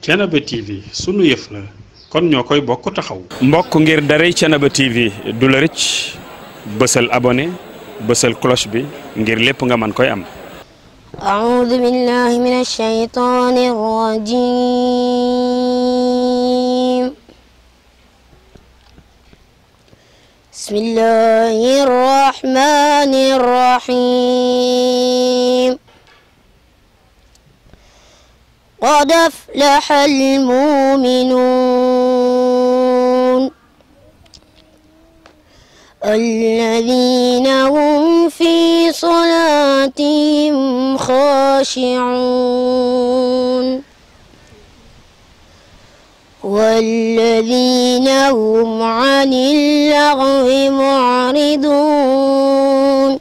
Thiénaba TV sunu yëf la kon ñoo koy bokk taxaw. mbokk ngir daray Thiénaba TV du la rëcc bësal abonné bi ngir lépp nga mën koy am. أعوذ بالله من الشيطان الرجيم بسم قد أفلح المؤمنون الذين هم في صلاتهم خاشعون والذين هم عن اللغو معرضون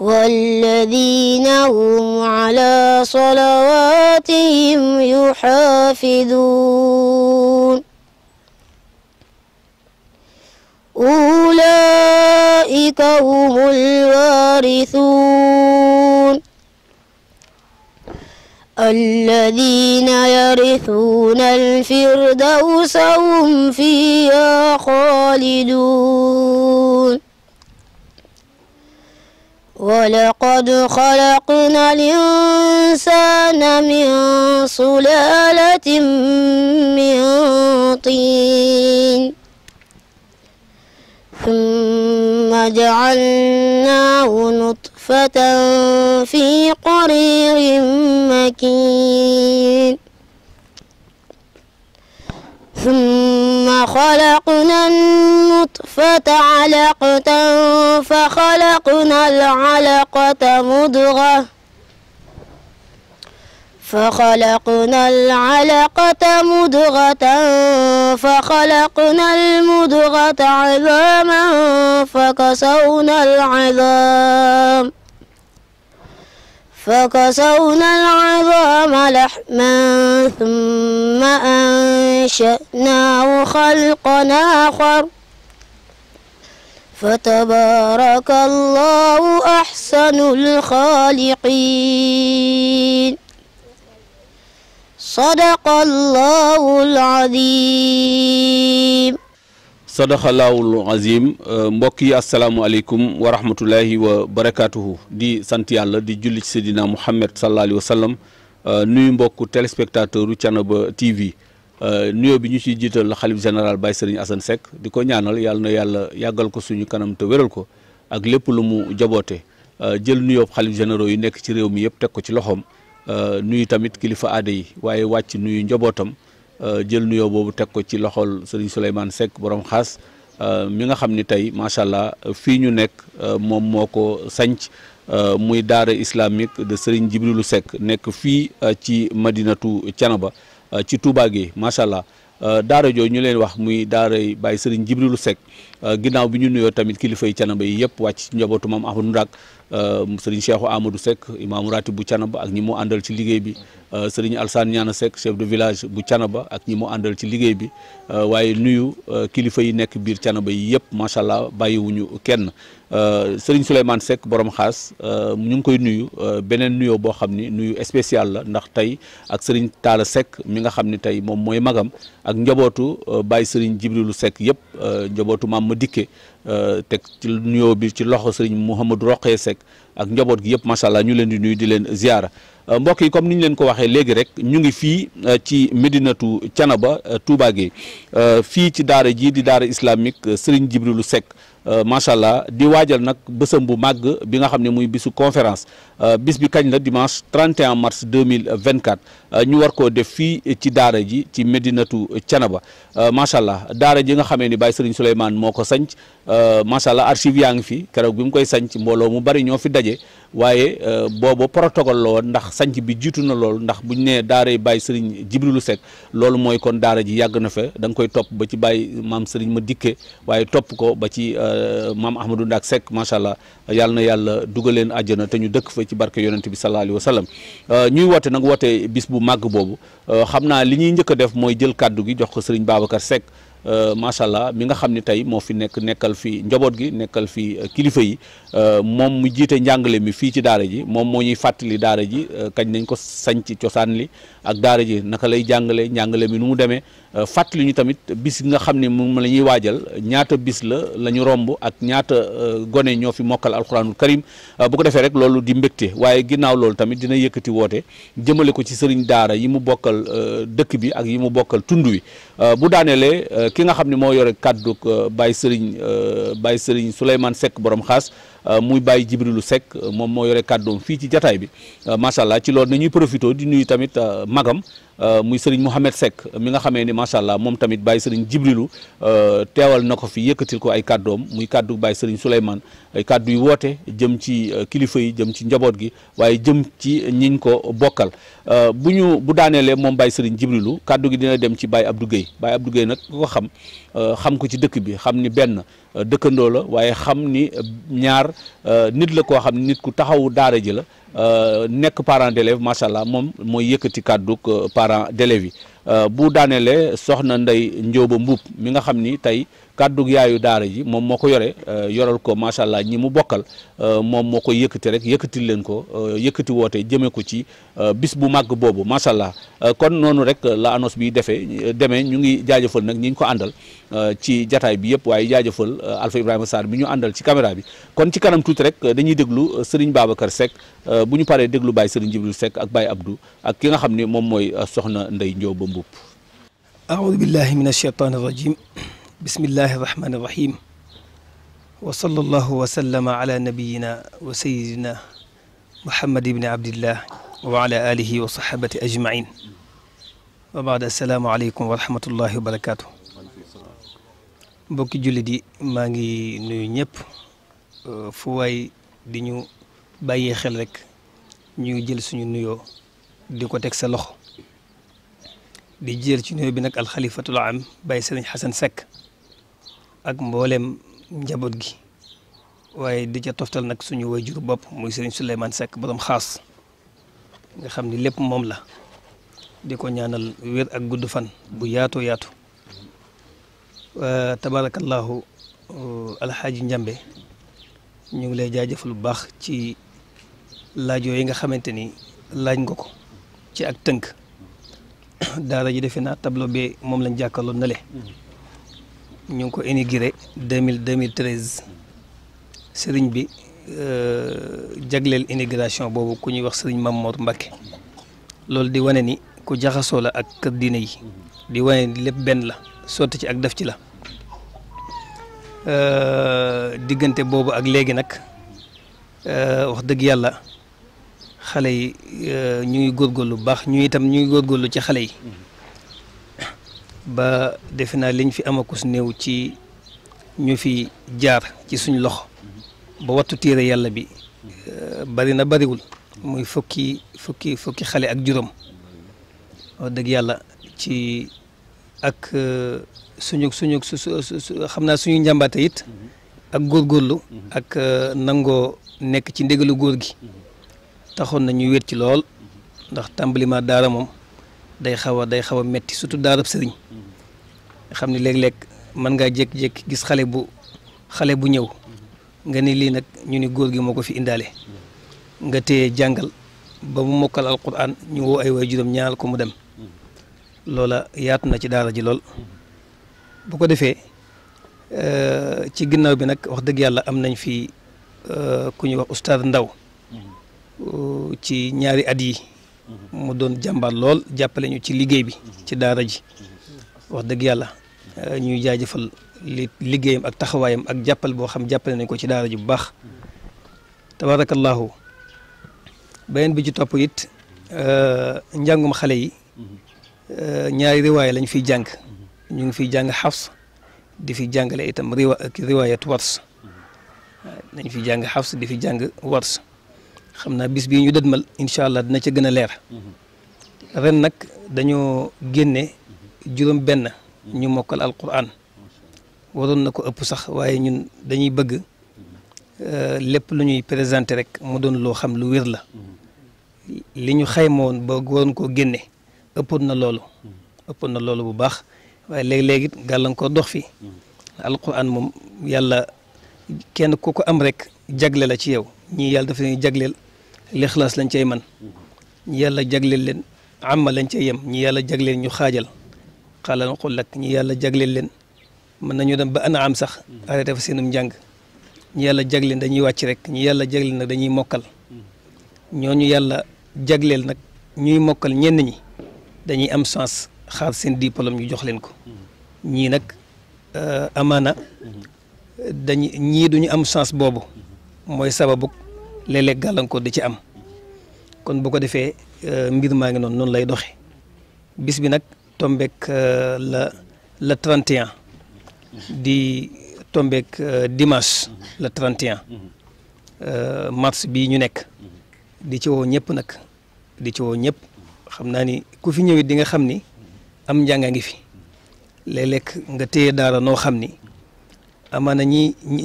والذين هم على صلواتهم يحافظون أولئك هم الوارثون الذين يرثون الفردوس هم فيها خالدون ولقد خلقنا الإنسان من سلالة من طين ثم جعلناه نطفة في قرير مكين ثم خلقنا النطفة نطفة علقة فخلقنا العلقة مضغة فخلقنا العلقة مضغة فخلقنا المضغة عظاما فكسونا العظام فكسونا العظام لحما ثم أنشأناه خلقا آخر فتبارك الله أحسن الخالقين صدق الله العظيم sadaqallahul azim mbokk yi asalaamualeykum wa rahmatullahi wa di sant yàlla di julli ci seydina Muhammad sallallahu alayhi wa sallam mbokk téléspectateur u TV Euh, nuyoo bi ñu ciy jiital xalif général Baye Serigne Assane Seck di ko ñaanal yàlla na yàlla yàggal ko suñu kanam te wéral ko ak lépp lu mu jaboote euh, jël nuyoo xalif généraux yu nekk ci réew mi yëpp teg ko ci loxoom euh, nuyu tamit kilifa aada yi waaye wàcc nuyu njabootam jël nuyoo boobu teg ko ci loxol Serigne Souleymane Seck borom xaas mi nga xam ni tey macha allah fii ñu nekk moom moo ko sanc muy daara islamique de Serigne Jibrilu sekk nekk fii ci madinatu Thiénaba Euh, ci Touba gi macha allah euh, daara jooju ñu leen wax muy daaray Baye Serigne Jibrilu Seck euh, ginnaaw bi ñu nuyoo tamit kilifa yi canaba yi yëpp wàcc ci njabootu moom Ahmadou Ndak Euh, sëriñ Cheikhou Amadou Seck imaamu ratib bu Canaba ak ñi mu àndal ci liggéey bi euh, sëriñ Alsaan Ñaana Seck chef de village bu Canaba ak ñi mu àndal ci liggéey bi euh, waaye nuyu kilifa yi nekk biir Canaba yi yëpp macha allah bàyyiwuñu kenn sëriñ Souleymane Seck borom xaas ñu ngi koy nuyu beneen nuyoo boo xam ni nuyu spécial la ndax tey ak sëriñ Talla Seck mi nga xam ni tey moom mooy magam ak njabootu bàyyi sëriñ Jibrilu sekk yëpp njabootu maam ma dikke Euh, teg ci nuyoo bi ci loxo sëriñ Mouhamadou Roqee Seck ak njaboot gi yëpp macha allah ñu leen di nuyu di leen ziara euh, mbokk yi comme ni ñu leen ko waxee léegi rek ñu ngi fii euh, ci Medinatu Canaba Touba Gueye fii ci daara jii di daara islamique sëriñ Jibrilu Seck Euh, macha allah di waajal nag bésam bu màgg bi nga xam ne muy bisu conférence euh, bis bi kañ la dimanche 31 mars 2024 euh, ñu war koo def fii ci daara ji ci Medinatu Canaba macha allah daara ji nga xamee ni Baye Serigne Souleymane moo ko sanc macha allah archive yaa ngi fi keroog bi mu koy sanc mbooloo mu bari ñoo fi daje waaye booba protocole la woon ndax sanc bi jiitu na loolu ndax buñ nee daara yi Baye Serigne Jibrilu Seck loolu mooy kon daara ji yàgg na fa da nga koy topp ba ci Baye maam Serigne ma dikkee waaye topp ko ba ci. Euh, maam Ahmadou Ndak Seck macha allah yal na yàlla dugal leen àjjana te ñu dëkk fa ci barke yonent bi sallallahu alayhi wa sallam euh, ñuy woote nag woote bis bu màgg boobu euh, xam naa li ñuy njëkk a def mooy jël kàddu gi jox ko sëriñ Babacar Seck. macha allah mi nga xam ne tey moo fi nekk nekkal fi njaboot gi nekkal fi kilifa yi moom mu jiite njàngale mi fii ci daara ji moom moo ñuy fàttali daara ji kañ nañ ko sañ ci cosaan li ak daara ji naka lay jàngale njàngale mi nu mu demee Euh, fàttali ñu tamit bis yi nga xam ne moom la ñuy waajal ñaata bis la la ñu romb ak ñaata euh, gone ñoo fi mokkal alxuraanul karim euh, bu ko defee rek loolu di mbégte waaye ginnaaw loolu tamit dina yëkkati woote jëmale ko ci sëriñ daara yi mu bokkal dëkk bi ak yi mu bokkal tund wi bu daaneelee ki nga xam ne moo yore kàddu Baye Sëriñ Baye Sëriñ Souleymane sekk borom xaas Euh, muy bàyyi Jibrilu sekk euh, moom moo yore kàddoom fii ci jataay bi euh, macha allah ci loolu ñuy profité di nuyu tamit magam muy sëriñ Mouhamed Seck mi nga xamee ni macha allah moom tamit bàyyi sëriñ Jibrilu teewal na ko fi yëkkatil ko ay kàddoom muy kàddu bàyyi sëriñ Souleymane ay kàddu yu woote jëm ci kilifa yi jëm ci njaboot gi waaye jëm ci ñiñ ko bokkal bu ñu bu daaneelee moom bàyyi sëriñ Jibrilu kàddu gi dina dem ci bàyyi Abdou Guèye bàyyi Abdou Guèye nag ku ko xam xam ko ci dëkk bi xam ni benn dëkkandoo la waaye xam ni ñaar Euh, nit la koo xam nit ku taxawu daara ji la euh, nekk parent d'élève macha allah moom mooy yëkkati kàddug euh, parent d'élève yi Euh, bu daaneele soxna Ndey Njóoba Mbuub mi nga xam ni tey kàddug yaayu daara ji moom moo ko yore euh, yoral ko macha allah ñi mu bokkal euh, moom moo koy yëkkati rek yëkkati leen ko yëkkati woote jëmee ko ci bis bu màgg boobu macha allah kon noonu rek la annonce bi defee demee ñu ngi jaajëfal nag ñi ñu ko àndal ci jataay bi yëpp waaye jaajëfal Alpha Ibrahima Sarr bi ñu àndal ci caméra bi kon ci kanam tuuti rek dañuy déglu Serigne Babacar Seck bu ñu paree déglu Baye Serigne Jibril Seck ak Baye Abdou ak ki nga xam ne moom mooy soxna Ndey Njóoba Mboup aoudu billahi min alcheytaan irrajim bismillahi irrahmani irrahim wa sallallahu wa nabiyina wa sayidina muhammad ibni abdillah wa ala wa sahabati ajmain wa baad assalaamu aleykum wa rahmatullahi wa barakatuh mbokki jullit yi maa ngi nuyu ñëpp fu waay di ñu bàyyee xel rek ñu jël suñu nuyoo di ko teg sa loxo di jël ci nuyoo bi nag alxalifatul am Baye Serigne Xasan sekk ak mboolem njaboot gi waaye di ca toftal nag suñu wajur bopp muy Serigne Souleymane sekk borom xaas nga xam ni lépp moom la di ko ñaanal wér ak gudd fan bu yaatoo yaatu tabaarakallaahu uh, alxaaji Njambe ñu ngi lay jaajëfal bu baax ci laaj yooyu nga xamante ni laaj nga ko ci ak tënk. daara ji defe naa tableau bi moom lañ jàkkaarloo na le mm-hmm. ñu ngi ko inauguré deux mille deux mille treize sëriñ bi euh, jagleel intégration boobu ku ñuy wax sëriñ Mamour Mbacke loolu di wane ni ku jaxasoo la ak kër diine yi mm-hmm. di wane ni lépp benn la sotti ci ak def ci la euh, diggante boobu ak léegi nag euh, wax dëgg yàlla xale yi ñu ngi góor bu baax ñu itam ñu ngi góorgóorlu ci xale yi ba defe naa liñ fi amakus néew ci ñu fi jaar ci suñ loxo ba wattu téere yàlla bi euh, bari na bariwul muy fukki fukki fukki xale ak juróom dëgg yàlla ci ak euh, suñu suñu xam naa suñu njàmbaate it ak góor góorlu ak euh, nangoo nekk ci ndigalu góor gi taxoon na ñu wéet ci lool ndax tàmbalima daara moom day xaw a day xaw a metti surtout daarab sëriñ xam ne léeg-léeg mën ngaa jékki-jékki gis xale bu xale bu ñëw nga ni lii nag ñu ni góor gi moo ko fi indaale nga téye jàngal ba mu mokkal alquran ñu woo ay way juróom ñaal ko mu dem loola yaatu na ci daara ji lool bu ko defee euh, ci ginnaaw bi nag wax dëgg yàlla am nañ fi euh, ku ñuy wax ustaad Ndaw ci ñaari at yi mu doon jàmbaar lool jàppale ñu ci liggéey bi ci daara ji wax dëgg yàlla euh, ñuy jaajëfal li liggéeyam ak taxawaayam ak jàppale boo xam jàppale nañ ko ci daara bu baax tabaarakallaahu beneen bi ci topp it euh, njàngum xale yi euh, ñaari riwaaya lañu fiy jàng ñu ngi fiy jàng xafs di fi jàngale itam riwa riwaayat wars nañ fi jàng xafs di fi jàng wars xam naa bis bii ñu dëdmal incha allah dina ca gën a leer mm-hmm. ren nag dañoo génne juróom benn mm-hmm. ñu mokkal alquran waroon na ko ëpp sax waaye ñun dañuy bëgg mm-hmm. euh, lépp lu ñuy présenté rek mu doon loo xam lu wér la li ñu xayma woon ba waroon koo génne ëppoon na loolu ëppoon na loolu bu baax waaye léegi-léegi gàllankoor dox fii alquran moom yàlla kenn ku ko am rek jagle la ci yow ñii yàlla dafa leen jagleel lixlaas lañ cay man ñi yàlla jagleel leen amma lañ cay yem ñi yàlla jagleel ñu xaajal xaalal ma xul yàlla jagleel leen mën nañu dem ba ana am sax arrêté fa seenum njàng yàlla jagleel dañuy wàcc rek ñi yàlla jagleel nag dañuy mokkal ñooñu yàlla jagleel nag ñuy mokkal ñenn ñi dañuy am chance xaar seen diplôme ñu jox leen ko ñii nag euh, amaana dañu ñii duñu am chance boobu mooy sababu léeg-léeg gàllankoor di ci am kon bu ko defee euh, mbir maa ngi noonu noonu lay doxe bis bi nag tombeek euh, la le 31 di tombeek euh, dimanche le 31 mars bii ñu nekk di ci woo ñëpp nag di ci woo ñëpp xam naa ni ku fi ñëwit di nga xam ni am njànga ngi fi léeg lekk nga téye daara noo xam ni amaana ñi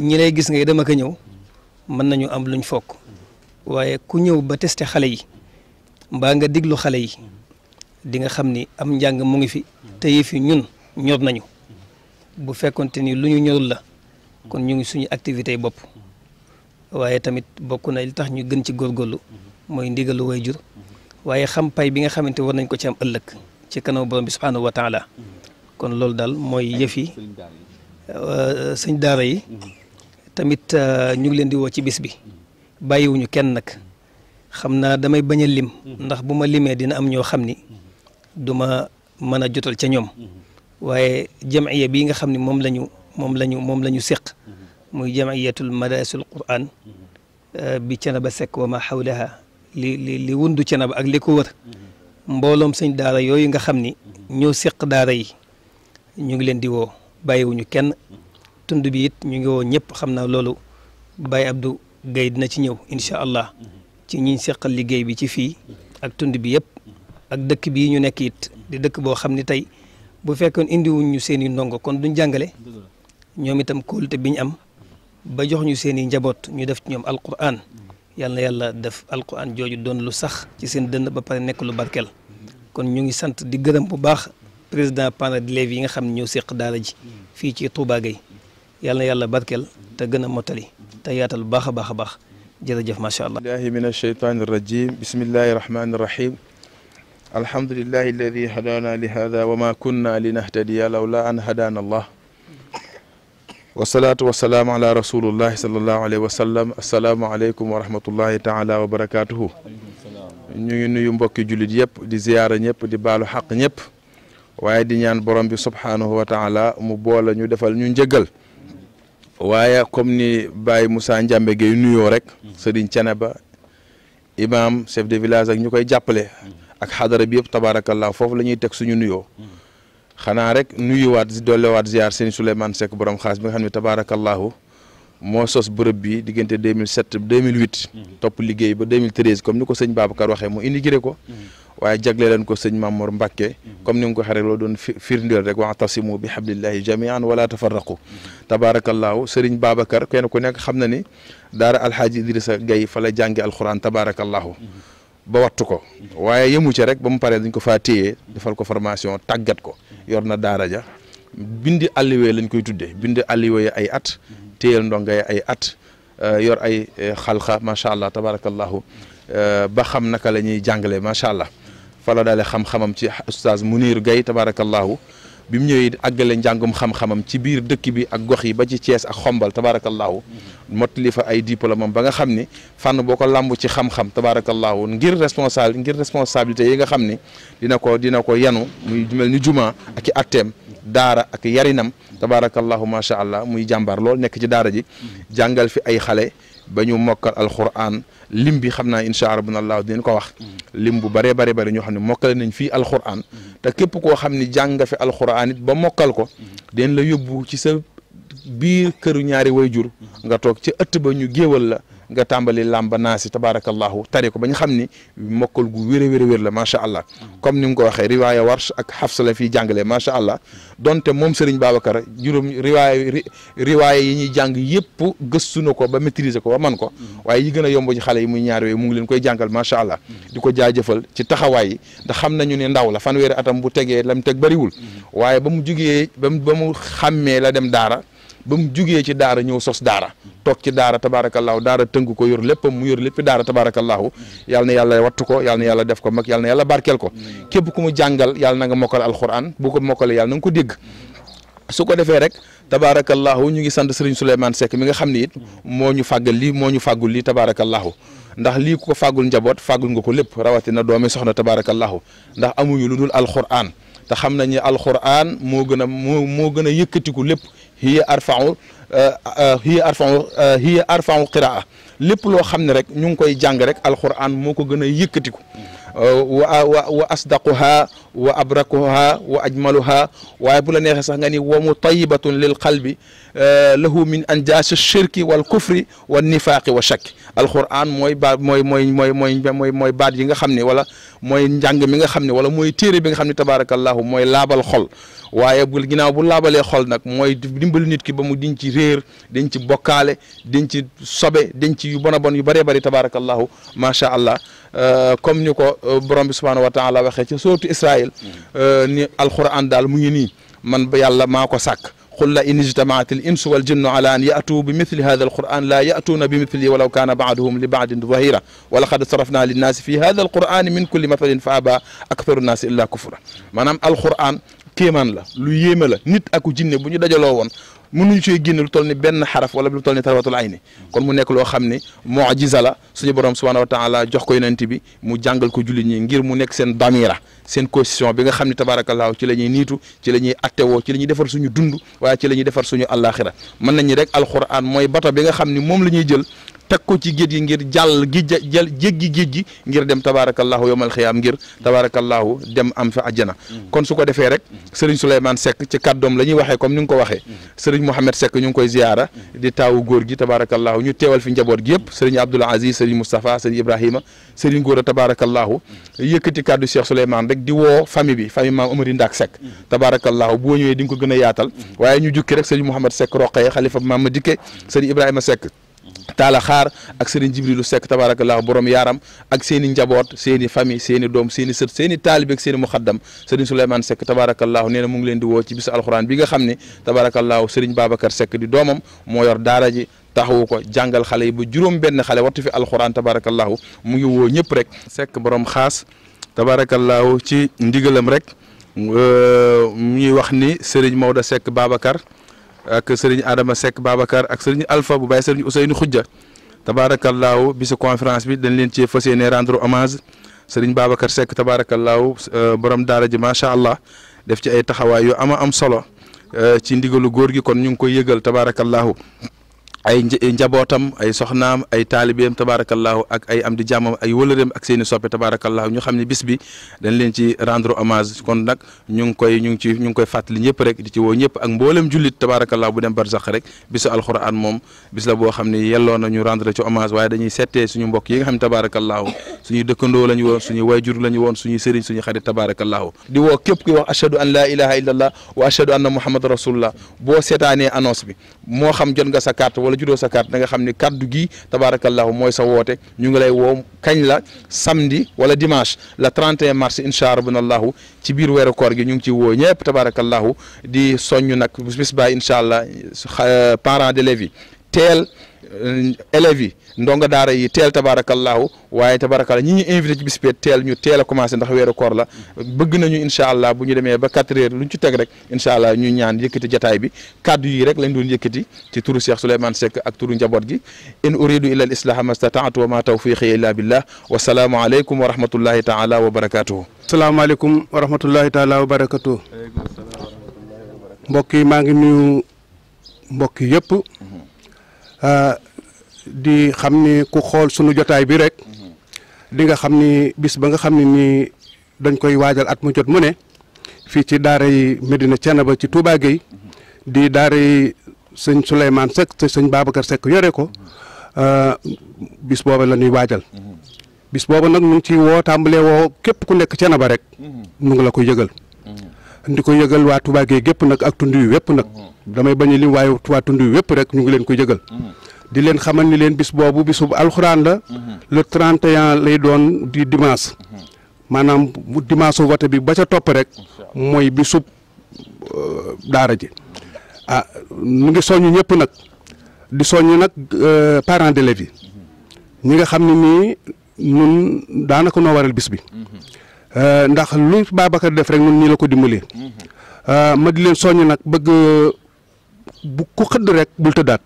ñi lay gis nga dem ak a ñëw mën nañu am luñ fokk waaye ku ñëw ba testé xale yi mbaa nga diglu xale yi dinga xam ni am njàng mu ngi fi te yëf ñun ñor nañu bu fekkonte ni lu ñu ñorul la kon ñu ngi suñu yi bopp waaye tamit bokk na lu tax ñu gën ci góorgóorlu mooy ndigalu jur waaye xam pay bi nga xamante war nañ ko ci am ëllëg ci kanamu borom bi subhaanahu wa taala kon loolu daal mooy yëf yi daara yi tamit euh, ñu ngi leen di woo ci bis bi bàyyiwuñu kenn nag xam naa damay bañ a lim mhm. ndax bu ma limee dina am ñoo xam ni mhm. du ma mën a jotal ca ñoom mhm. waaye jamiya bii nga xam ni moom lañu ñu moom la ñu moom la seq muy jamiyatul madarisul quran bi Thiénaba Seck wa ma hawlaha li li li wundu Thiénaba ak li ko wër mbooloom sëñ daara yooyu nga xam ni ñoo seq daara yi ñu ngi leen di woo bàyyiwuñu kenn tund bi it ñu ngi woo ñëpp xam naa loolu Baye Abdou gay dina ci ñëw incha allah ci ñiñ seqal liggéey bi ci fii ak tund bi yëpp ak dëkk bii ñu nekk it di dëkk boo xam ni tey bu fekkoon indiwuñ ñu seen i ndongo kon duñ jàngale ñoom itam kóolute bi ñu am ba jox ñu seen i njaboot ñu def ci ñoom alquran yàlla na yàlla def alquran jooju doon lu sax ci seen dënn ba pare nekk lu barkeel kon ñu ngi sant di gërëm bu baax président parents d'élèves yi nga xam ne ñoo seq daara ji fii ci Touba Gueye yàlla na yàlla barkeel te gën a mottali te yaatal baax a baax a baax jërëjëf macha allah billahi min alsheytani irrajim bismillahi irrahmani irrahim alhamdulilahi alladi hadaana li hada wa ma kunna linahtadiya lawla an hadaana allah wasalaatu wasalaamu ala rasulullahi salallahu alayhi wa sallam asalaamualeykum wa rahmatullahi taala wa barakaatuhu ñu ngi nuyu mbokki jullit yëpp di ziyaara ñëpp di baalu xaq ñëpp waaye di ñaan borom bi subhaanahu wa taala mu boole ñu defal ñu njëgal waaye comme ni baay Moussa Ndiambe gee nuyoo rek sëriñ Thiénaba imam chef de village ak ñu koy jàppale ak xadara bi yëpp tabaarakallaa foofu la ñuy teg suñu nuyoo xanaa rek waat nuyuwaat dollewaat ziar sëriñ Souleymane Seck borom xaas mi nga xam ne tabaarakallaahu moo sos bërëb bi diggante mil 2008. Mhm. topp liggéey ba 2013 comme ni ko sëñ Babacar waxee mu inauguré ko. Mhm. waaye jagle leen ko sëñ Mamour Mbacke. Mhm. comme ni nga ko xare loo doon firndeel rek wa'tasimu bi hablillahi jami'an wala tafarraqu. tabaarakallaahu sëriñ Babacar kenn ko nekk xam na ni daara Alhaji Idrissa Gaye fa la jànge alxuraan tabaarakallaahu. ba wattu ko waaye yemu ci rek ba mu paree dañ ko faa téye defal ko formation tàggat ko yor na daara ja bindi alliwe lañ koy tuddee bindi alliwe ay at téyal ndongo yi ay at euh, yor ay euh, xalxa macha allah tabarakallahu euh, ba xam naka la ñuy jàngale macha allah falo daal daale xam-xamam ci oustaz Mounir Gaye tabarakallahu bi mu ñëwee àggale njàngum xam-xamam ci biir dëkk bi ak gox yi ba ci Thiès ak xombal tabaarakallaahu mottali fa ay diplôme am ba nga xam ni fànn boo ko làmb ci xam-xam tabaarakallaahu ngir responsable ngir responsabilité yi nga xam ni dina ko dina ko yanu muy mel ak i atteem daara ak yarinam tabaarakallahu macha allah muy jàmbaar lool nekk ci daara ji jàngal fi ay xale ba ñu mokkal alquran lim bi xam naa incha allah dinañ ko wax lim bu bare bëri bëri ñoo xam ne mokkale nañ fi fii alquran te képp koo xam ni jàng nga fi alquran it ba mokkal ko dinañ la yóbbu ci sa biir kër ñaari way jur nga toog ci ëtt ba ñu géewal la nga tàmbali làmba naasi tabaarakallahu tari ko ba ñu xam ni mokkal gu wér a wér a la macha allah comme ni nga ko waxee riwaaya warsh ak xafsa la fiy jàngalee macha allah donte moom sëriñ Babacar juróom riwaaya riwaaya yi ñuy jàng yëpp gëstu ko ba maîtriser ko ba man ko waaye yi gën a yomb ci xale yi muy ñaar yooyu mu ngi leen koy jàngal macha allah di ko jaajëfal ci taxawaay da ndax xam nañu ni ndaw la fan fanweeri atam bu tegee lam teg bariwul waaye ba mu jugee ba mu xàmmee la dem daara ba mu jugee ci daara ñëw sos daara toog ci daara tabaarakallaahu daara tënk ko yor léppam mu yor lépp daara tabaarakallaahu yàlla na yàlla wattu ko yàlla na yàlla def ko mag yàlla na yàlla barkeel ko képp ku mu jàngal yàlla na nga mokkal alxuraan bu ko mokkale yàlla na ko dégg su ko defee rek tabaarakallaahu ñu ngi sant Serigne Souleymane Seck mi nga xam ne it moo ñu fàggal lii moo ñu fàggul lii tabaarakallaahu ndax lii ku ko fàggul njaboot fàggul nga ko lépp rawatina doomi soxna tabaarakallaahu ndax amuñu lu dul alxuraan te xam nañ ne alxuraan moo gën a moo moo gën a yëkkatiku lépp hiya arfa'u uh, uh, hiya arfa'u uh, hiya arfa'u qiraa lépp loo xam ne rek ñu ngi koy jàng rek alquran moo ko gën a yëkkatiku wa wa asdaquha wa abrakuha wa ajmaluha waaye bu la neexee sax nga ni wa mutayyibatun lil qalbi lahu min anjaas shirki wal kufri wal nifaaqi wa shakki alquran mooy ba mooy mooy mooy mooy mooy baat yi nga xam ne wala mooy njàng mi nga xam ne wala mooy téere bi nga xam ne tabaarakallahu mooy laabal xol waaye bu ginaaw bu laabalee xol nag mooy dimbali nit ki ba mu diñ ci réer dañ ci bokkaale dañ ci sobe dañ ci yu bon a bon yu bëree bëri tabaarakallahu macha allah euh, comme ni ko euh, borom bi subhaanahu wa taala waxee ci sóotu Israël mm. euh, ni alquran daal mu ngi nii man ba yàlla maa ko sàkk qul la in ijtamaat al insu wal jinnu ala an yatuu bi mithli hada al quran laa yatuuna bi mithlihi walaw kaana baaduhum li baadin zahira wa laqad sarafna linnaasi fi hada al qurani min kulli mathalin fa aba aktharu nnaasi illa kufra maanaam alquran kéemaan la lu yéeme la nit aku jinne bu ñu dajaloo woon mënuñu cee génn lu toll ni benn xaraf wala lu toll ni tarwatul ayni kon mu nekk loo xam ne mujiza la suñu borom subhanahu wa taala jox ko yonent bi mu jàngal ko jullit ñi ngir mu nekk seen damira seen constitution bi nga xam ne tabaarakallaahu ci la ñuy niitu ci la ñuy attewoo ci la ñuy defar suñu dund waaye ci la ñuy defar suñu àllaaxira mën nañu rek alxuraan mooy bato bi nga xam ne moom la ñuy jël teg ko ci géej gi ngir jàll gi jël jéggi géej gi ngir dem tabaarakallaahu yawmal xiyaam ngir tabaarakallaahu dem am fa àjjana mm. kon su ko defee rek mm. sëriñ Souleymane sekk ci kàddoom la ñuy waxee comme ni nga ko waxee mm. sëriñ Mouhamed Seck ñu ngi koy ziyaara di taawu góor gi tabaarakallaahu ñu teewal fi njaboot gi yëpp sëriñ Abdoul Aziz sëriñ Moustapha sëriñ Ibrahima sëriñ Góora tabaarakallaahu yëkkati kàddu Cheikh Souleymane rek rek di woo famille bi famille maam Amary Ndaak Seck tabaarakallaahu boo ñëwee di ko gën a yaatal waaye ñu jukki rek sëriñ Mouhamed Seck Roqaye xalifa maam ma dikke sëriñ Ibrahima Seck taala ak sëriñ jibrilu sekk tabarakallah borom yaaram ak seen i njaboot seen i famille doom seen i sët seen i taalibe ak seen i muxaddam sëriñ Souleymane Seck tabarakallahu nee na mu ngi leen di woo ci bisu alxuraan bi nga xam ne tabarakallahu sëriñ Babacar Seck di doomam moo yor yi ba juróom benn xale wattu fi alxuraan tabarakallahu mu ngi woo ñëpp rek Seck borom xaas tabaarakallaahu ci ndigalam rek euh, ñuy wax ni Serigne Maodo Seck Babacar ak Serigne Adama Seck Babacar ak Serigne Alpha bu bàyyi Serigne Ousseynou Khoudia tabaarakallaahu bi sa conférence bi dañ leen cee fas yéene rendre hommage Serigne Babacar Seck tabaarakallaahu euh, borom daara ji macha allah def ci ay taxawaay yu ama am solo euh, ci ndigalu góor gi kon ñu ngi koy yëgal tabaarakallaahu ay njabootam ay soxnaam ay taalibeem tabaarakallaahu ak ay am di jàmmam ay wëlëreem ak seeni soppe tabaarakallaahu ñu xam ne bis bi dañ leen ci rendre hommage kon nag ñu ngi koy ñu ngi ci ñu ngi koy fàttali ñëpp rek di ci woo ñëpp ak mboolem jullit tabaarakallaahu bu dem barsax rek bisu alxuraan moom bis la boo xam ne yelloo na ñu rendre ci hommage waaye dañuy settee suñu mbokk yi nga xam ne tabaarakallaahu suñuy dëkkandoo la ñu woon suñuy wayjur la ñu woon suñu sëriñ suñuy xarit tabaarakallaahu di woo képp kuy wax ashhadu an laa ilaha illallah wa ashhadu anna muhammad rasulullah boo seetaanee xam wala juddoo sa carte da nga xam ne kaddu gi tabarakallahu mooy sa woote ñu nga lay woo kañ la samedi wala dimanche le 31 mars incha allah ci biir weeru koor gi ñu ngi ci woo ñëpp tabarakallahu di soññ nag bis bis baa incha allah parents d'élèves yi teel Euh, élèves yi ndongo daara yi teel tabaarakallaahu waaye tabaarakallaahu ñi ñu invité ci bis bi teel ñu teel a commencé ndax weeru koor la bëgg nañu incha allah bu ñu demee ba quatre heures lu ñu ci teg rek incha allah ñu ñaan yëkkati jataay bi kàddu yi rek lañ doon yëkkati ci turu Cheikh Souleymane Seck ak turu njaboot gi in uridu illa al islaha mastataatu wa ma tawfiqi illa billah wa salaamu aleykum wa rahmatullahi taala wa barakatuhu salaamaaleykum wa rahmatullahi taala wa barakatuhu mbokk yi maa ngi nuyu mbokk Euh, di xam ni ku xool sunu jotaay bi rek di nga xam ni bis ba nga xam ni nii dañ koy waajal at mu jot mu ne fii ci daara yi Medina Thiénaba ci Touba Gueye di daara yi sëñ Souleymane Seck te sëñ Babacar Seck yore ko euh, bis booba la ñuy waajal bis booba nag ñu ngi ciy woo tàmbalee woo képp ku nekk Thiénaba rek nu ngi la ko yëgal. di ko yëgal waa Touba Gueye gépp nag ak tund yu wépp nag mm-hmm. damay bañ a lim waaye waa tund yu wépp rek ñu ngi leen ko yëgal mm-hmm. di leen xamal ni leen bis boobu bisu alxuraan la mm-hmm. le 31 lay doon di dimanche maanaam dimanche vote bi ba ca topp rek mooy bisub euh, daara ji ah mu ngi soññ ñëpp nag di soññ nag euh, parents d'élèves yi ñi nga xam ne nii nun daanaka noo waral bis bi Euh, ndax lu Babacar def rek ñun nii la ko dimbalee euh, ma di leen soññ nag bëgg bu ku xëdd rek bul tëddaat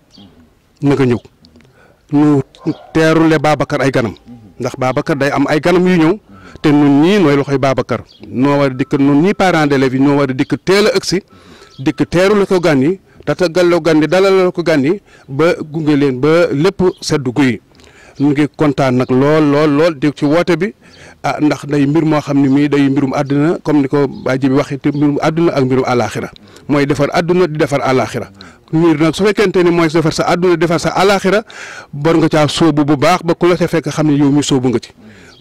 na nga ñëw ñu teerule Babacar ay ganam ndax Babacar day am ay ganam yu ñëw te nun ñii nooy loxoy Babacar noo war a dikk nun ñii parents d'élèves yi ñoo war a dikk teel a ëgsi dikk teerule ko gan yi tatagallo gan yi dalal la ko gan ba gunge leen ba lépp sedd guy ñu ngi kontaan nag lool lool lool di ci woote bi ah ndax nday mbir moo xam ne mii day mbirum àdduna comme ni ko bàjji bi waxee te mbirum àdduna ak mbirum àlaaxira mooy defar àdduna di defar àlaaxira mbir nag su fekkente ni mooy defar sa àdduna defar sa àlaaxira bor nga caa sóobu bu baax ba ku la sa fekk xam ne yow mi soobu nga ci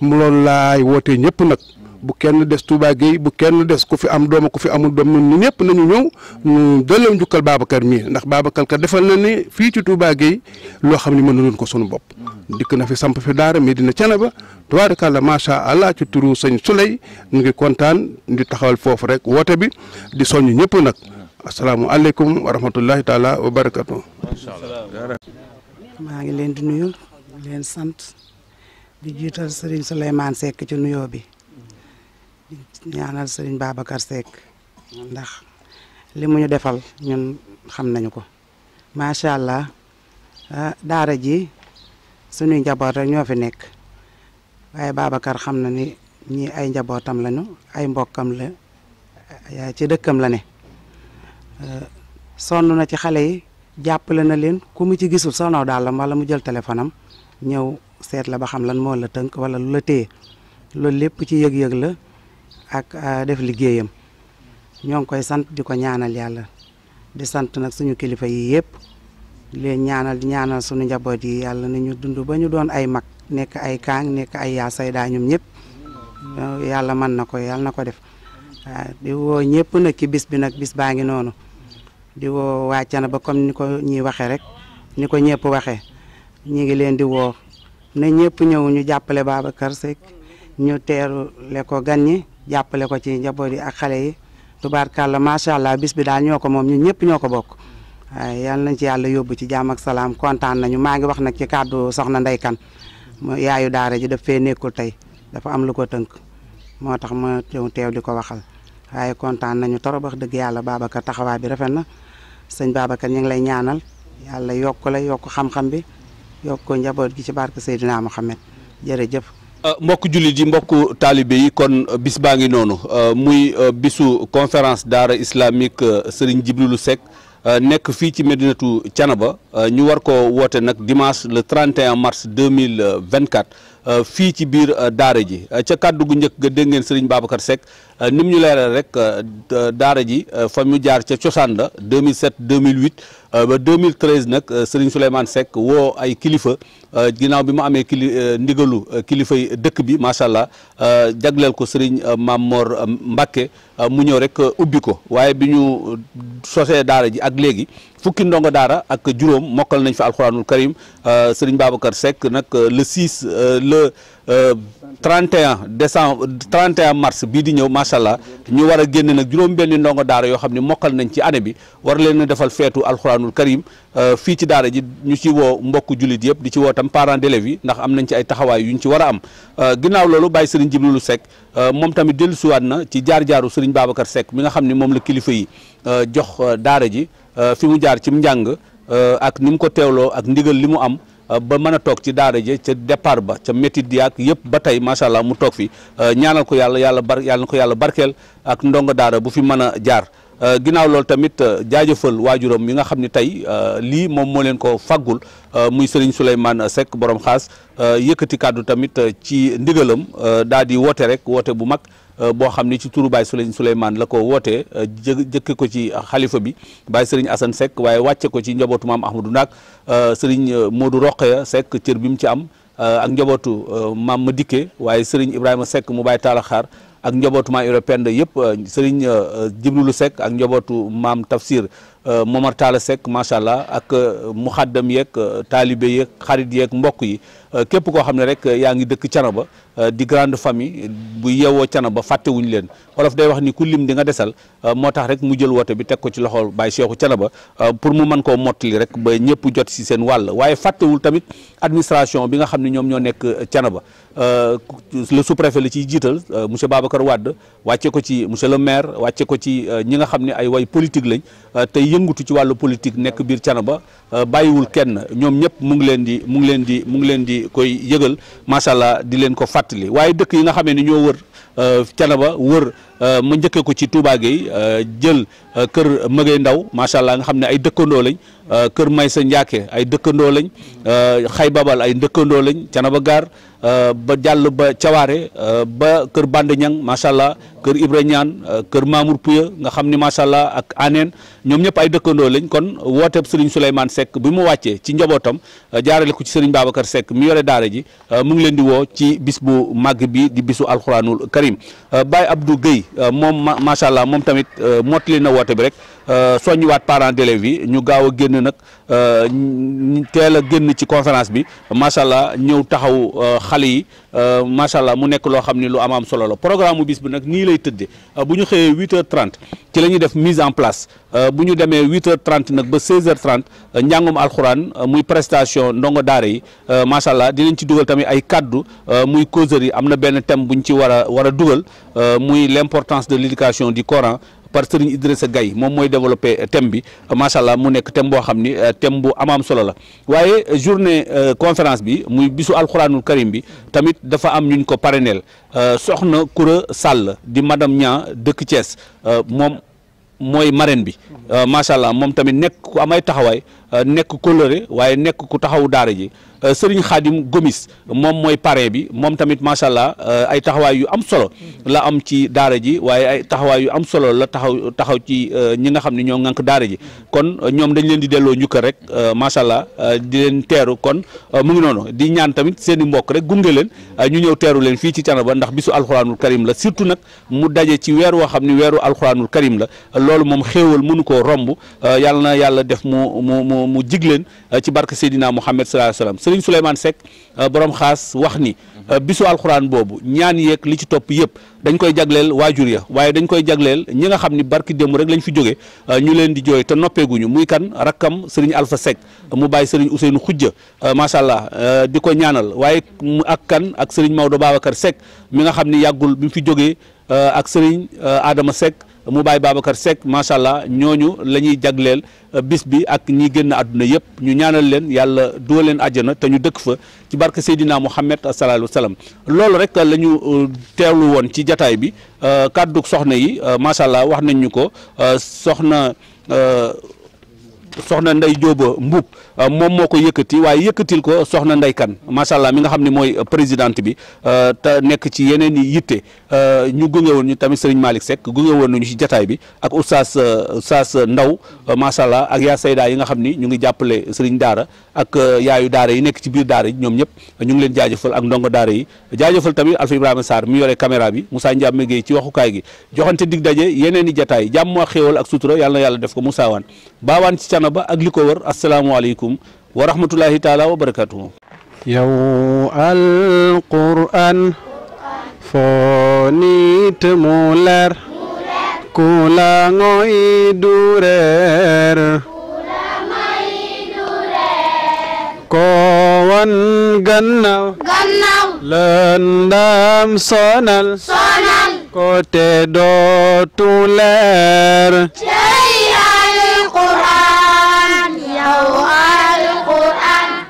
loolu laay wootee ñëpp nag. bu kenn des Touba Gueye bu kenn des ko fi am doom ku fi amul doom nu ñëpp nañu ñëw ñu delloo njukkal Babacar mii ndax Babacar kat defal na ne fii ci Touba Gueye loo xam ne mënuloon ko suñu bopp. dikk na fi samp fi daara mais dina cana ba tubaarkalla macha allah ci turu sëñ Souley ñu ngi kontaan di taxawal foofu rek woote bi di soññ ñëpp nag asalaamualeykum wa rahmatullahi taala maa ngi leen di nuyu leen sant di jiital Serigne Souleymane Seck ci nuyoo bi. ñaanal sëriñ Babacar Seck ndax li mu ñu defal ñun xam nañu ko macha allah ah, daara ji suñuy njaboot rek ñoo fi nekk waaye Babacar xam na ni ñii ay njabootam lañu ay mbokkam la ci dëkkam la ne ah, sonn na ci xale yi jàppale na leen ku mu ci gisul sonoo daal la wala mu jël téléphone am ñëw seet la ba xam lan moo la tënk wala lu la téye loolu lépp ci yëg-yëg la. ak ah, def liggéeyam ñoo ngi koy sant di ko ñaanal yàlla di sant nag suñu kilifa yi yëpp di leen ñaanal di ñaanal suñu njaboot yi yàlla na ñu dund ba ñu doon ay mag nekk ay kaang nekk ay yaa sayda ñoom ñëpp yàlla mën na ko yàlla na ko def waaw ah, di woo ñëpp nag ci bis bi nag bis baa ngi noonu di woo na ba comme ni ko ñuy waxee rek ñi ko ñëpp waxee ñu ngi leen di woo na ñëpp ñëw ñu jàppale Babacar Seck ñu teerule ko gan ñi jàppale ko ci njaboot yi ak xale yi la macha allah bis bi daal ñoo ko moom ñun ñëpp ñoo ko bokk waaye yal nañ ci yàlla yóbbu ci jàmm ak salaam kontaan nañu maa ngi wax nag ci kàddu soxna Ndeye Kane yaayu daara ji def fee ko tey dafa am lu ko tënk moo tax ma ñëw teew di ko waxal waaye kontaan nañu torop wax dëgg yàlla Babacar taxawaay bi rafet na sëñ Babacar ñu ngi lay ñaanal yàlla yokk la yokk xam-xam bi yokk ko njaboot gi ci barke Seydina Mohamed jërëjëf. Euh, mbokk jullit yi mbokk taalibe yi kon euh, bis baa ngi noonu euh, muy bisu conférence daara islamique Serigne Djibrilu Seck nekk fii ci Medinatu Canaba ñu war ko woote nag dimanche le 31 mars 2024 fii ci biir daara ji ca kàddu gu njëkk ga dégg ngeen Serigne Babacar Seck ni mu ñu leeral rek daara ji fa mu jaar ca cosaan la 2007 2008 ba 2013 nag Serigne Souleymane Seck woo ay kilifa Euh, ginnaaw bi mu amee kili euh, ndigalu euh, kilifay dëkk bi macha allah jagleel ko sëriñ Maam Mor Mbàkke mu ñëw rek ubbi ko waaye bi ñu sosee daara ji ak léegi fukki ndongo daara ak juróom mokkal nañ fa alxuraanul karim sëriñ Babacar Seck nag le 6 le 31 décembre 31 mars bii di ñëw macha allah ñu war a génne nag juróom benni ndongo daara yoo xam ne mokkal nañ ci année bi war leen a defal feetu alxuraanul karim Euh, fii ci daara ji ñu ci woo mbokk jullit yëpp di ci woo tam parents d'élèves yi ndax am nañ ci ay taxawaay yu ñu ci war a am euh, ginnaaw loolu bàyyi sëriñ Jibrilu Seck euh, moom tamit dellusiwaat na ci jaar-jaaru sëriñ Babacar Seck mi nga xam ne moom la kilifa yi jox daara ji fi mu jaar ci mu njàng ak ni mu ko teewloo ak ndigal li mu am ba mën a toog ci daara je ca départ ba ca métit yaak yëpp ba tey macha allah mu toog fi ñaanal ko yàlla yàlla bar yàlla ko yàlla barkeel ak ndongo daara bu fi mën a jaar Euh, ginnaaw loolu tamit euh, jaajëfal waajuram mi nga xam ne tey euh, lii moom moo leen ko faggul muy Serigne Souleymane Seck borom xaas yëkkati kàddu tamit ci ndigalam daal di woote rek woote bu mag boo xam ne ci turu Baye Serigne Souleymane la ko wootee jë jëkke ko ci xalifa bi Baye Serigne Assane sekk waaye wàcce ko ci njabootu maam Ahmadou Ndaak Serigne Modou Roqeya sekk cër bi mu ci am ak njabootu maam ma dikkee waaye Serigne Ibrahima sekk mu bàyyi taala xaar ak njabootu maam Ibra Penda yëpp euh, sëriñ euh, euh, Jibrilu Seck ak njabootu maam Tafsir Momar Talla Seck macha allah ak muxaddam yeeg taalibe yeeg xarit yeeg mbokk yi Euh, képp koo xam ne rek euh, yaa ngi dëkk Canaba euh, di grande famille bu yeewoo Canaba fàttewuñ leen olof day wax ni ku lim di nga desal moo tax rek mu jël woote bi teg ko ci loxo Baye Cheikhou Canaba pour mu mën koo mottali rek ba ñëpp jot si seen wàll waaye fàttewul tamit administration bi nga xam ne ñoom ñoo nekk Canaba le sous-préfet la ciy jiital monsieur Babacar wàdd wàcce ko ci monsieur le maire wàcce ko ci ñi nga xam ne ay way politique lañ tey yëngutu ci wàllu politique nekk biir Canaba bàyyiwul kenn ñoom ñëpp mu ngi leen di mu ngi leen di mu ngi leen di koy koy yëgal macha allah di leen ko fàttali waaye dëkk yi nga xamee ni ñoo wër Euh, Thiénaba wër euh, ma njëkkee ko ci Touba Gueye euh, jël kër Mëgey Ndaw macha allah nga xam ne ay dëkkandoo lañ kër may sa Ndiake ay dëkkandoo lañ Xay Babal ay dëkkandoo lañ Thiénaba Gare ba jàll ba Cawaare ba kër band Ñang macha allah kër Ibra Ñaan kër Mamour Pouye nga xam ni macha allah ak Aneen ñoom ñëpp ay dëkkandoo lañ kon wooteeb Serigne Souleymane Seck bi mu wàccee ci njabootam jaarale ko ci Serigne Babacar Seck mi yore daara ji mu ngi leen di woo ci bis bu màgg bi di bisu Karim euh, Baye Abdou Guèye euh, moom macha allah moom tamit euh, mottali na woote bi rek Euh, soññiwaat parents d'élèves yi ñu gaaw a génn nag euh, teel a génn ci conférence bi macha allah ñëw taxaw euh, xale yi macha allah mu nekk loo xam ni lu am am solo la programme mu bis bi nag nii lay tëddee bu ñu xëyee 8h30 ci la ñuy def mise en place bu ñu demee 8h30 nag ba 16h30 njàngum alxuraan muy prestation ndongo daara yi macha allah dinañ ci dugal tamit ay kàddu muy causerie am na benn thème bu ñu ci war a war a dugal muy l'importance de l'éducation du Coran. par Serigne sa gay moom mooy développé thème bi macha allah mu nekk thème boo xam ni euh, thème bu amaam solo la waaye euh, journée euh, conférence bi muy bisu alxuraanul karim bi tamit dafa am ñu ñu ko parrainel soxna kure Sall di madame Niang dëkk Thiès moom mooy marraine bi macha allah moom tamit nekk ku amay taxawaay. Euh, nekk kóllëre waaye nekk ku taxawu daara ji euh, Serigne Khadim Gomis moom mooy parrain bi moom tamit macha allah euh, ay taxawaay yu am solo la am ci daara ji waaye ay taxawaay yu am solo la taxaw taxaw ci ñi nga xam ni ñoo ŋànk daara ji kon ñoom dañ leen di delloo njukkal rek macha allah di leen teeru kon mu ngi noonu di ñaan tamit seen i mbokk rek gunge leen ñu ñëw teeru leen fii ci Thiénaba ndax bisu alxuraanul karim la surtout nag mu daje ci weer woo xam ni weeru alxuraanul karim la mu mu jig leen euh, ci barke Seydina Mouhamed sallallahu alayhi wa sallam Serigne Souleymane Seck euh, borom xaas wax ni euh, bisu alxuraan boobu ñaan yeeg li ci topp yëpp dañ koy jagleel waajur ya waaye dañ koy jagleel ñi nga xam ni barki démb rek lañ fi jóge ñu leen di jooy te noppeeguñu muy kan rakkam Serigne Alpha Seck mu bàyyi Serigne Ousseynou Khoudia macha allah di ko ñaanal waaye ak kan ak Serigne Maodo Babacar Seck mi nga xam ni yàggul bi mu fi jógee ak Serigne Adama Seck. mu bàyyi Babacar Seck macha allah ñooñu la ñuy jagleel euh, bis bi ak ñi génn àdduna yëpp ñu ñaanal leen yàlla doo leen àjjana te ñu dëkk fa ci barke Seydina Mouhamed sallallahu alayhi wa sallam loolu rek la ñu euh, teewlu woon ci jataay bi euh, kàddu soxna yi macha allah wax nañ ñu ko soxna soxna Ndey Jóoba Mbuub Euh, moom moo ko yëkkati waaye yëkkatil ko soxna Ndeye Kane macha allah mi nga xam ne mooy euh, président bi euh, nekk ci yeneen i yitte ñu gunge woon ñu tamit Serigne Malick Seck gunge woon nañu ci jataay bi ak oustaz oustaz Ndaw macha allah ak yaa sayda yi nga xam ni ñu ngi jàppale Serigne Daara ak yaayu Daara yi nekk ci biir Daara yi ñoom ñëpp ñu ngi leen jaajëfal ak ndongo Daara yi jaajëfal tamit Alfa Ibrahima saar mu yore caméra bi Moussa Ndiame Gueye ci waxukaay gi joxante dig daje yeneen i jataay jàmm ak xéewal ak sutura yàlla yàlla def ko Moussa Wane aleykum wa rahmatullahi taala wa barakatuhu yow alquran foo nit te dootu leer cey alquran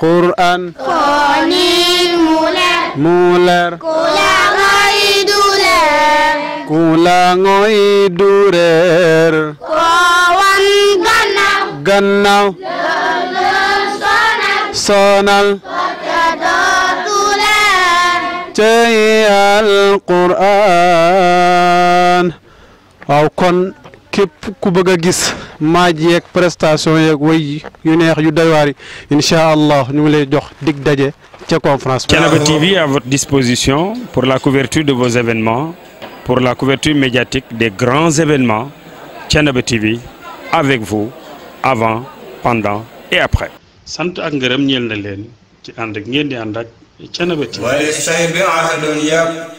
Quran Qani muler muler Kula al Quran waaw kon képp ku bëgg gis maaj yeeg prestation yeeg way yu neex yu doywaar yi incha allah ñu ngi lay jox dig daje ca conférence bi. Thiénaba TV à votre disposition pour la couverture de vos événements pour la couverture médiatique des grands événements Thiénaba TV avec vous avant pendant et après. sant ak ngërëm ñeel na leen ci ànd ak ngeen di ànd ak Thiénaba TV. wala say bi ahadun yab.